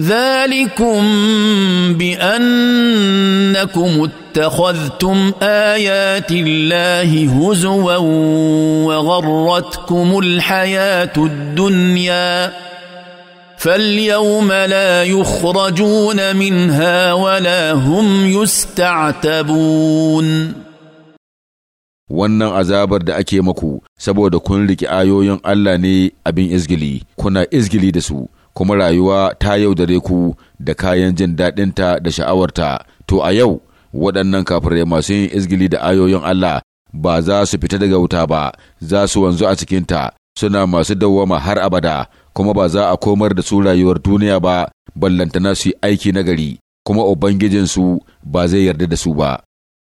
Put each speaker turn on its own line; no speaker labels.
ذلكم بانكم اتخذتم ايات الله هزوا وغرتكم الحياه الدنيا فاليوم لا يخرجون منها ولا هم يستعتبون
wannan azabar da ake maku saboda kun riƙe ayoyin Allah ne abin izgili kuna izgili da su kuma rayuwa ta yau yaudare ku da kayan jin daɗinta da sha'awarta, to a yau waɗannan kafirai masu yin izgili da ayoyin Allah ba za su fita daga wuta ba, za su wanzu a cikinta, suna masu dawwama har abada, kuma ba za a komar da su rayuwar duniya
ba, ballantana su yi aiki nagari, kuma Ubangijinsu ba zai yarda da su ba.